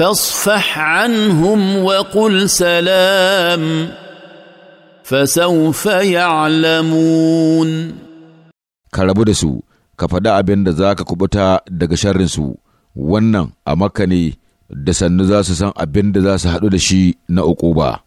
فاصفح عنهم وقل سلام فسوف يعلمون ka rabu da su ka faɗi abin da za ka kubuta daga sharrinsu wannan a maka ne da sannu za su san abin da za su haɗu da shi na uku